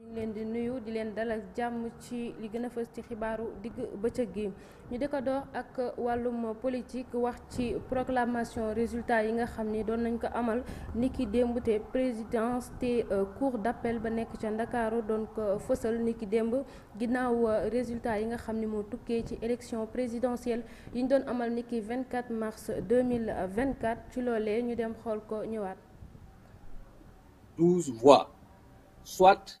ñu ngi leen di nuyu di leen dalal jàmm ci li gën a fës ci xibaaru digg bëccëg gi ñu di ko door ak wàllum politique wax ci proclamation résultat yi nga xam ni doon nañ ko amal niki démb te présidence te euh, cour d'appel ba nekk ca Ndakaaru doon ko fësal niki démb ginnaaw euh, résultat yi nga xam ni moo tukkee ci élection présidentielle yi ñu doon amal niki 24 mars 2024 ci loolee ñu dem xool ko ñëwaat. 12 voix soit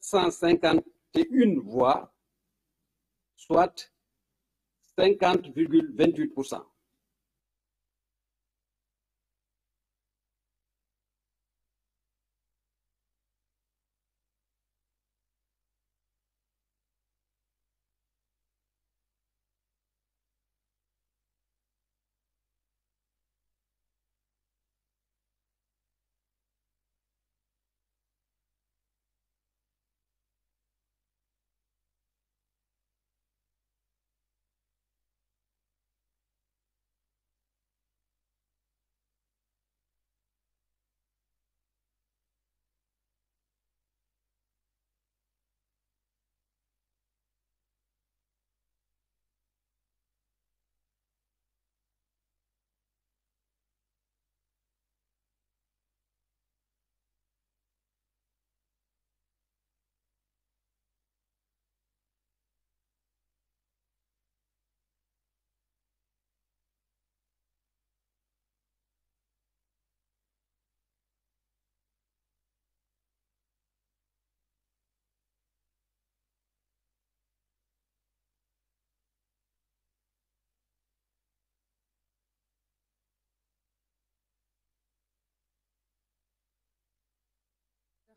751 voix, soit 50,28%.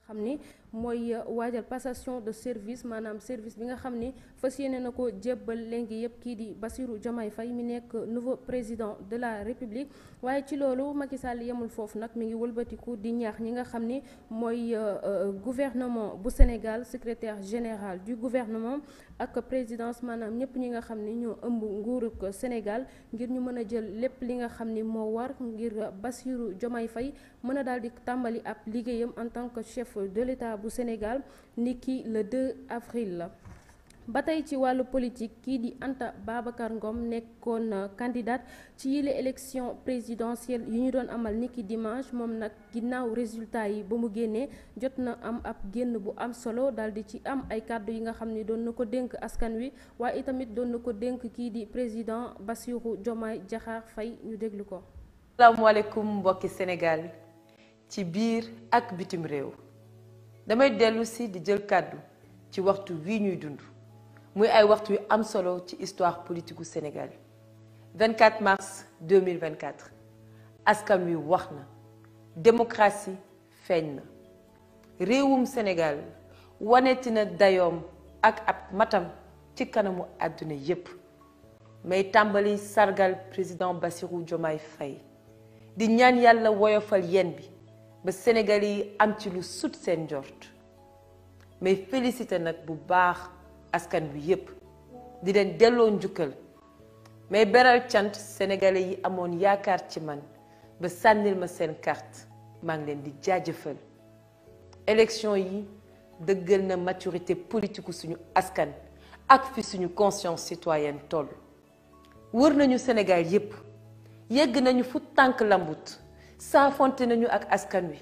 xam moy mooy euh, passation de service manam service bi nga xam fassiyene nako yéene lengi yeb ki di Bassirou Diomaye fay mi nek nouveau président de la République waaye ci loolu Macky Sall yemul foofu nak mi ngi wëlbatiku di ñaax ñi nga moy euh, euh, gouvernement bu Sénégal secrétaire général du gouvernement ak présidence maanaam ñëpp ñi nga xam ni ñoo ëmb nguurug Sénégal ngir ñu mën a jël lépp li nga xam ni moo war ngir Bassirou Diomaye Faye mën a daal di tàmbali ab liggéeyam en tant que chef de l'État bu Sénégal niki le 2 avril la ba tey ci wàllu politique kii di Anta Babacar Ngom nekkoon euh, candidate ci yile élection présidentielle yi ñu doon amal niki dimanche moom nag ginnaaw résultat yi ba mu génnee jot na am ab génn bu am solo dal di ci am ay kàddu yi nga xam ni doon na ko dénk askan wi waaye itamit doon na ko dénk di président Bassirou Diomaye Djahar Fay ñu déglu ko. salaamaaleykum mbokki Sénégal ci biir ak bitim réew damay dellu si di jël kàddu ci waxtu wi ñuy dund muy ay waxtu un am solo ci histoire politique du Sénégal 24 mars 2024 askan wi démocratie feeñ Réoum Sénégal waneti d'ayom ak ab matam ci kanamu yep. yépp may sargal président Bassirou Diomaye Faye di ñaan yalla woyofal yenbi, bi ba Sénégal yi am ci lu sut seen may félicité bu baax askan bi yépp di leen delloo njukkal mais beral cant sénégalais yi amoon yaakaar ci man ba sànnil ma seen carte maa ngi leen di jaajëfal élection yi dëggal na maturité politique suñu askan ak fi suñu conscience citoyenne toll wër nañu Sénégal yépp yegg nañu fu tànk lambut saafonte nañu ak askan wi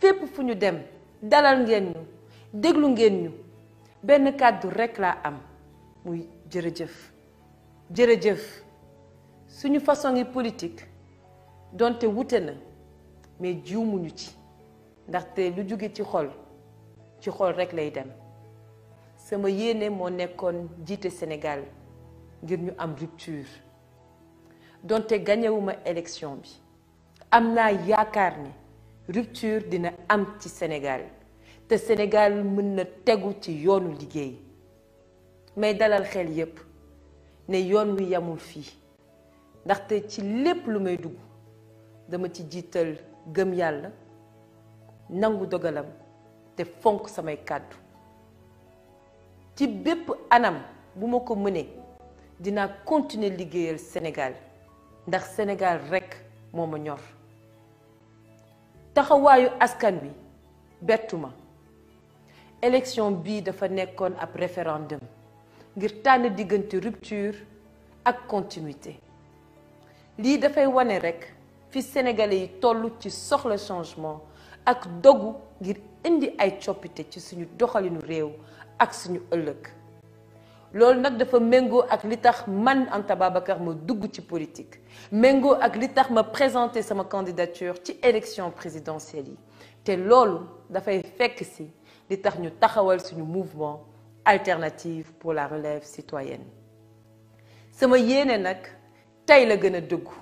fépp fu ñu dem dalal ngeen ñu déglu ngeen ñu benn kàddu rekk laa am muy jërëjëf jërëjëf suñu façon yi politique donte wute na mais juumuñu ci ndaxte lu jóge ci xol ci xol rekk lay dem sama yéene moo nekkoon jiite Sénégal ngir ñu am rupture donte gañewuma élection bi am naa yaakaar ni rupture dina am ci Sénégal te Sénégal mën na tegu ci yoonu liggéey may dalal xel yépp ne yoon wi yamul fii ndaxte ci lépp lu may dugg dama ci jiital gëm yàlla nangu dogalam te fonk samay kàddu ci bépp anam bu ma ko mënee dina continuer liggéeyal Sénégal ndax Sénégal rekk moo ma ñor taxawaayu askan wi bettu élection bi dafa référendum.. ab référendum ngir tane une rupture ak continuité da fay wone Sénégal fi sénégalais yi tollu ci le changement ak dogu ngir indi ay coppite ci suñu doxalinu réew ak suñu ak li tax man Anta babakar ma dugg ci politique mengo ak li tax ma candidature ci élection présidentielle yi te loolu fay fekk si li tax ñu taxawal suñu mouvement alternative pour la relève citoyenne sama yene nak tay la gëna a dëggu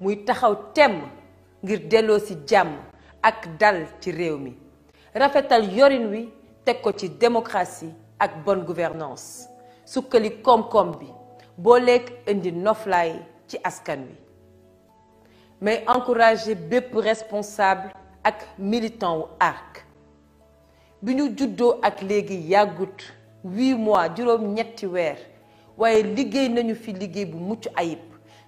muy taxaw tém ngir délo ci jamm ak dal ci réew mi rafetal yorin wi tek ko ci démocratie ak bonne gouvernance sukkali koom-koom bi bolek indi noflaay ci askan wi mais encourager bépp responsable ak militant wu ARC bi juddoo ak léegi yàggut huit mois juróom-ñetti weer waaye liggéey nañu fi liggéey bu mucc ayib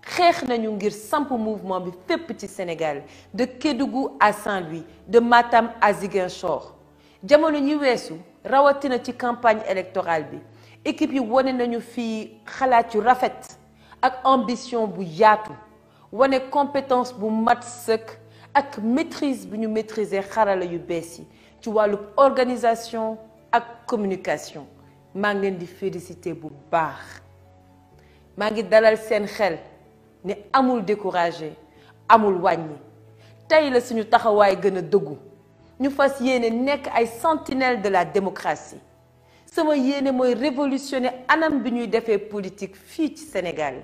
xeex nañu ngir samp mouvement bi fépp ci Sénégal de Kédougou à Saint-Louis de Matam à Ziguinchor jamono ñi weesu rawatina ci campagne électorale bi équipe yi wane nañu fi xalaat yu rafet ak ambition bu yaatu wane compétence bu mat sëkk ak maîtrise bu ñu maîtriser xarala yu bees tu vois organisation ak communication maa ngi leen di félicité bu baax maa ngi dalal seen xel ne amul découragé amul wàññi tey la suñu taxawaay gën dëggu ñu fas ay sentinelle de la démocratie sama yéene mooy révolutionner anam bi ñuy defee politique fii ci Sénégal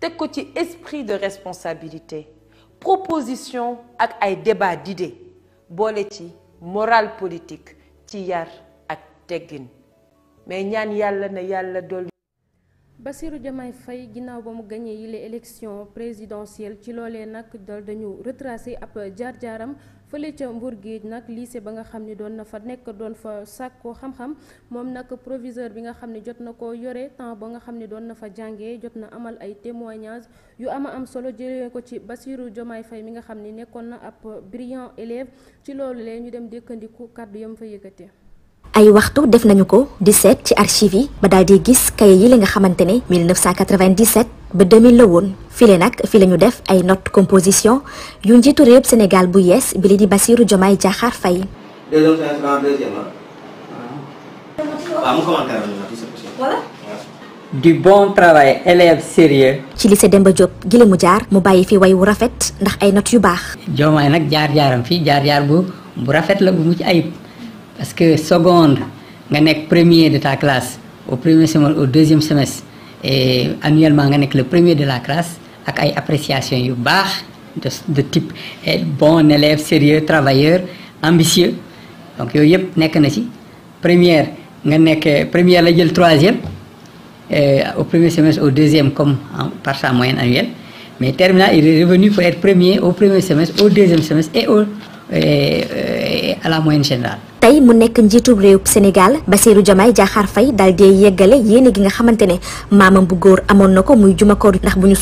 teg ko ci esprit de responsabilité proposition ak ay débat d'idées boole ci morale politique ci yar ak teggin mais ñaan yàlla na yàlla dolli. Bassirou Diomaye fay ginnaaw ba mu gañee yile élection présidentielle ci loolee nag dal dañu retracé ab jaar-jaaram. fële ca Mbour géej nag lycée ba nga xam ni doon na fa nekk doon fa sàkku xam-xam moom nag proviseur bi nga xam ne jot na ko yore temps ba nga xam ne doon na fa jàngee jot na amal ay témoignages yu ama am solo jëlee ko ci Bassirou Diomaye fay mi nga xam ni nekkoon na ab brillant élève ci loolu lee ñu dem dékkandiku kàddu yam fa yëkkatee. ay waxtu def nañu ko di seet ci archives yi ba daal di gis kaye yi li nga xamante ne 1997. ba 2000 la woon file nag fi la def ay note composition yu njiitu réew Sénégal bu yes bi li di Bassirou Diomaye Diakhar Faye du bon travail élève sérieux ci lycée Demba Diop gi mu jaar mu bayyi fi way wu rafet ndax ay note yu bax Diomaye nak jaar-jaaram fi jaar-jaar bu bu rafet la bu ci ayib parce que seconde nga nek premier de ta classe au premier semestre au deuxième semestre et eh, annuellement on est le premier de la classe avec une appréciation de type eh, bon élève sérieux travailleur ambitieux donc on y le na première nga eh, première troisième au premier semestre au deuxième comme par sa moyenne annuelle mais terminant, il est revenu pour être premier au premier semestre au deuxième semestre et au et, et à la moyenne générale. mu nekk njiitum réewub Sénégal Bassirou Diomaye Diakhar Faye daal di yeggale yéene gi nga bu ko muy jumakoor ndax bu ñu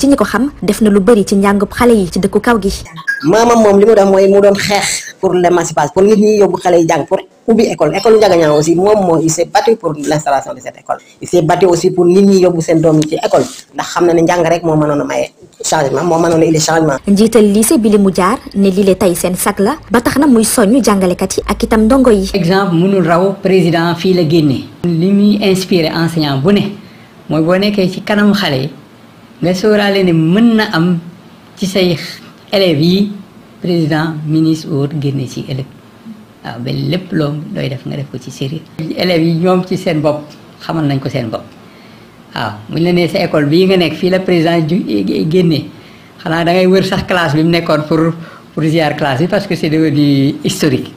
ci ñi xam def na lu bëri ci njàngub xale yi ci dëkku kaw gi. maamam moom li mu doon mu doon xeex pour l'émancipation pour nit ñi yóbbu xale yi jàng pour ubbi école école Ndiaganiao aussi il s'est battu pour l'installation de cette école. il s'est battu aussi pour nit ñi doom ci école ndax xam na rek moo mënoon maye changement moo mënoon a indi changement. njiital lycée bi jaar ne lile la ba tax na muy so soññu jàngalekat yi ak itam ndongo yi. exemple mënul raw president fii la génnee. limi muy inspiré enseignant bu ne bo ne nekkee ci kanam xale yi nga sóoraale ne mën na am ci say élèves yi président ministre wóor génne ci élève waaw ba lépp loo looy def nga def ko ci série élèves yi ñoom ci seen bopp xamal nañ ko seen bopp waaw muñ la nee sa école bii nga nekk fii la président ju génnee da ngay wër sax classe bi mu nekkoon pour. parce que c'est historique.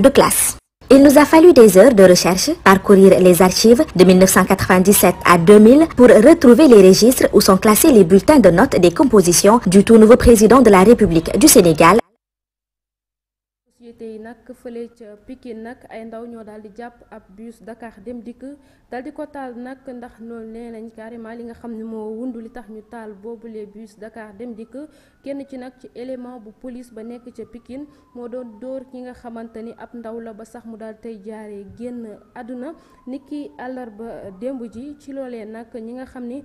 de classe. Il nous a fallu des heures de recherche, parcourir les archives de 1997 à 2000 pour retrouver les registres où sont classés les bulletins de notes des compositions du tout nouveau président de la République du Sénégal. tey yi nag fële ca Pikine nag ay ndaw ñoo daal di jàpp ab bus Dakar dem dikk dal di ko taal nag ndax loolu nee nañ carrément li nga xam ni moo wundu li tax ñu taal boobu boobule bus Dakar dem dikk kenn ci nag ci élément bu police ba nekk ca pikin moo doon dóor ki nga xamante ni ab ndaw la ba sax mu daal tey jaaree génn àdduna nit niki àllarba démb ji ci loolee nag ñi nga xam ni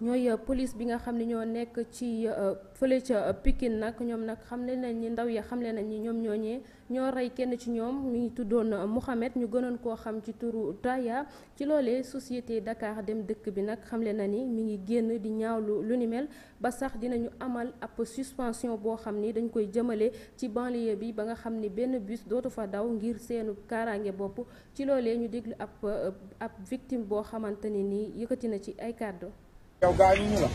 ñooy euh, police bi nga xam ne ñoo nekk ci euh, fële ca euh, Pikine nag ñoom nag xam le nañ ñi ndaw ya xam le nañ ñi ñoom ñooñee ñoo rey kenn ci ñoom mi ngi tuddoon Mouhamed ñu gënoon koo xam ci turu Taya ci loolee société Dakar dem dëkk bi nag xam na ni mi ngi génn di ñaaw lu ni mel ba sax dina ñu amal ab suspension boo xam ni dañ koy jëmale ci banlieue bi ba nga xam ni benn bus dootu fa daw ngir seenu kaaraange bopp ci loolee ñu déglu ab ab victime boo xamante ne nii yëkkati na ci ay kàddu yow gaañu ñu la.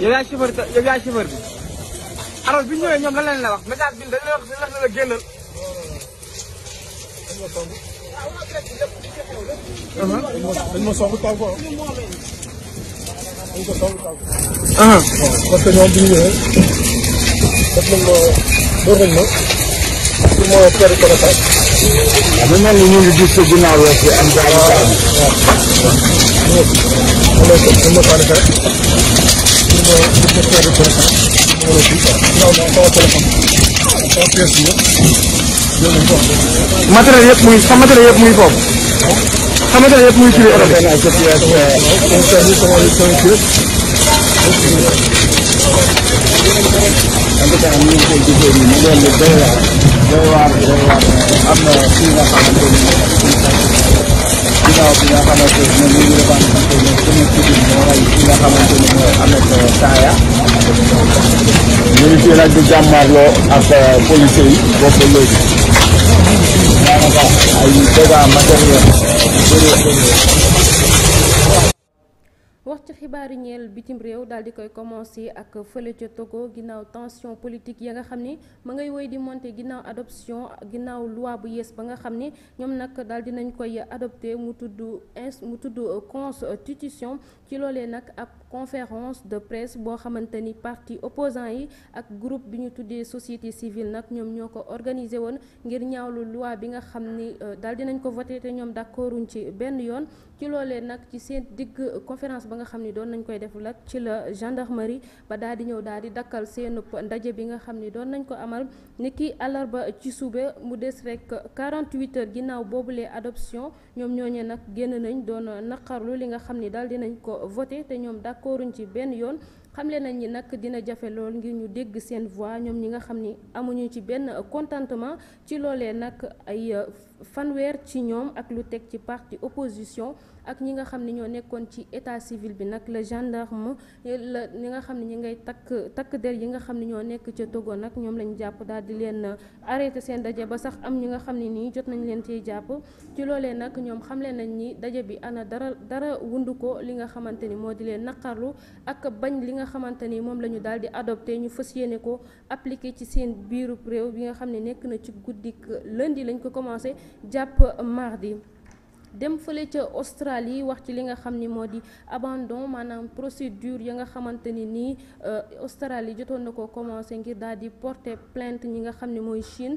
yow yaay chauffeur bi yow yaay chauffeur bi. alors bi ñu ñëwee ñoom lan lañ la wax message bi dañ la wax dañ la génnal. dañ ma song taw ko dañ ko song taw ko. parce que ñoom bi ñu ñëwee def nañ ma dóor nañ ma pour ma perte ko Kami man introduce sa ginawa si Andrea Tan. Ano ito? Ano para ka? Ano ito? Ano para ka? Ano ito? Ano ito? Ano ito? Ano ito? Matera yep muy, sama matera yep muy pop. Sama matera yep muy kiri orang. Nanti kami untuk itu ini, ini adalah doy waar doy waar am na fii nga xamante ni ginnaaw bi nga xamante ni ñu ngi revendiqué ne commune Pikine moo rey ki nga xamante ni mooy Ahmed Saaya ñu ngi fii nag di jàmmarloo ak police yi boobu léegi daanaka ay dégâts matériels yu bëri ci xibaar yi ñeel bitim réew daal di koy commencé ak fële ca Togo ginnaaw tension politique ya nga xam ni ma ngay woy di monter ginnaaw adoption ginnaaw loi bu yees ba nga xam ni ñoom nag daal di nañ koy adopté mu tudd ins mu tudd constitution ci loolee nag ab conférence de presse boo xamante ni parti opposant yi ak groupe bi ñu tuddee société civile nag ñoom ñoo ko organisé woon ngir ñaawlu loi bi nga xam ni euh, daal di nañ ko voté te ñoom d'accorduñ ci benn yoon ci loolee nag ci seen digg conférence ba nga xam xam ni doon nañ koy deful ak ci la gendarmerie ba daal di ñëw daal di dakkal seen ndaje bi nga xam ni doon nañ ko amal ni ki àllarba ci suba mu des rek 48 heures ginnaaw boobulee adoption ñoom ñooñee nag génn nañ doon naqarlu li nga xam ni daal nañ ko voté te ñoom d'accorduñ ci benn yoon xamle nañ ni nag dina jafe lool ngir ñu dégg seen voix ñoom ñi nga xam ni amuñu ci benn contentement ci loolee nag ay fanweer ci ñoom ak lu teg ci parti opposition ak ñi nga xam ne ñoo nekkoon ci état civil bi nag la gendarme la ñi nga xam ne ñi ngay takk takk der yi nga xam ne ñoo nekk ca Togo nag ñoom lañ jàpp daal di leen euh, arrêté seen daje ba sax am ñi nga xam ne nii jot nañ leen cee jàpp ci loolee nag ñoom xamle nañ ni daje bi ana dara dara wundu ko li nga xamante ni moo di leen naqarlu ak bañ li nga xamante ni moom la ñu daal di adopté ñu fas yéene ko appliqué ci seen biirub réew bi nga xam ne nekk na ci guddik lundi lañ ko commencé jàpp mardi dem fële ca Australie wax ci li nga xam ni moo di abandon maanaam procédure ya nga xamante ni nii euh, Australie jotoon na ko commencé ngir daal di porter plainte ñi nga xam ni mooy Chine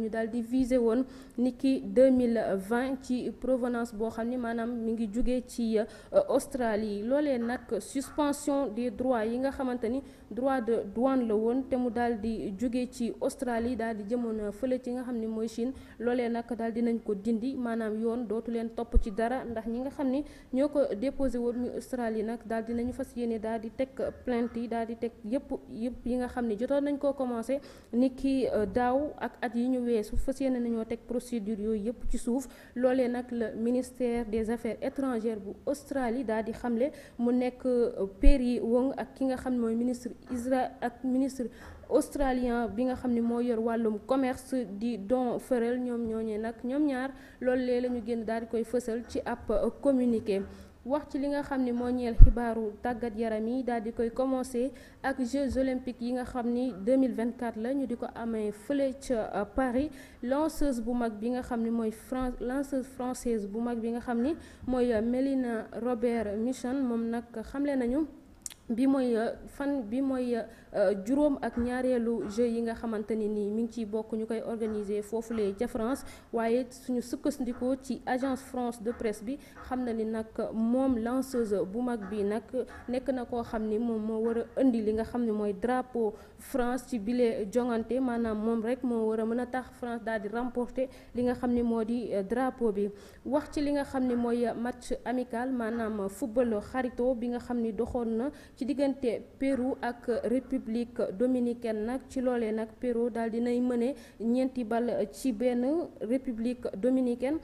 ñu dal di visé woon niki 2020 ci provenance boo xam ni maanaam mi ngi jugee ci euh, Australie loolee nag suspension des droits yi nga xamante ni droit de douane la woon te mu daal di jóge ci Australie daal di jëmoon fële ci nga xam ni mooy Chine loolee nag daal di ko dindi maanaam yoon dootu leen topp ci dara ndax ñi nga xam ni ñoo ko déposé woon muy Australie nag daal di nañu fas yéene daal di teg plant yi daal di teg yëpp yëpp yi nga xam ni jotoon nañ koo commencé ni ki euh, daaw ak at yi ñu weesu fas yéene nañoo teg procédure yooyu yëpp ci suuf loolee nag le ministère des affaires étrangères bu Australie daal di xamle mu nekk euh, Perry Wong ak ki nga xam mooy ministre Israël ak ministre australien bi nga xamni mo yor walum commerce di Don feurel ñom ñooñee nak ñom ñaar loolu le lañu genn génn daal di koy fësal ci ab communiqué. wax ci li nga xamni mo ñeel xibaaru tagat yaram yi daal di koy ak Jeux olympiques yi nga xamni 2024 la ñu diko amé feulé ci Paris lanceuse bu mag bi nga xamni moy France lanceuse française bu mag bi nga xamni moy euh, melina Robert Michon mom nak xamlé nañu bi moy euh, fan bi moy euh, euh, juróom ak ñaarelu jeu yi nga xamanteni ni mi ngi ci bokk ñukay organiser fofu ci France waye suñu sukkandiku ci agence France de presse bi xamna ni nak mom lanceuse bu mag bi nak nek na ko xamni mom mo moo andi li nga xamni moy drapeau France ci bile jongante manam mom rek mo war mëna tax France daal di remporter li nga xamni modi drapeau bi wax ci li nga xamni moy match amical manam football xarito bi nga xamni ci diggante Pérou ak République dominicaine nag ci loolee nag Pérou daal dinay mëne ñeenti bal ci benn République dominicaine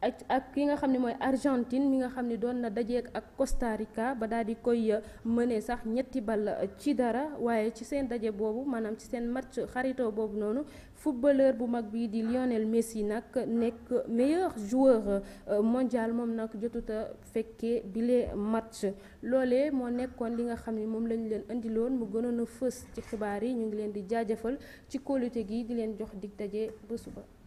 ak ak ki nga xam ne mooy Argentine mi nga xam ne doon na dajeek ak Costa Rica ba daal di koy euh, mëne sax ñetti bal euh, ci dara waaye ci seen daje boobu maanaam ci seen match xaritoo boobu noonu footballeur bu mag bii di Lionel Messi nag nekk meilleur joueur euh, mondial moom nag jotuta fekkee bile match loole moo nekkoon li nga xam ne moom lañu leen indiloon mu gënoon a fës ci xibaar yi ñu ngi leen di jaajëfal ci kóolute gi di leen jox dig daje ba suba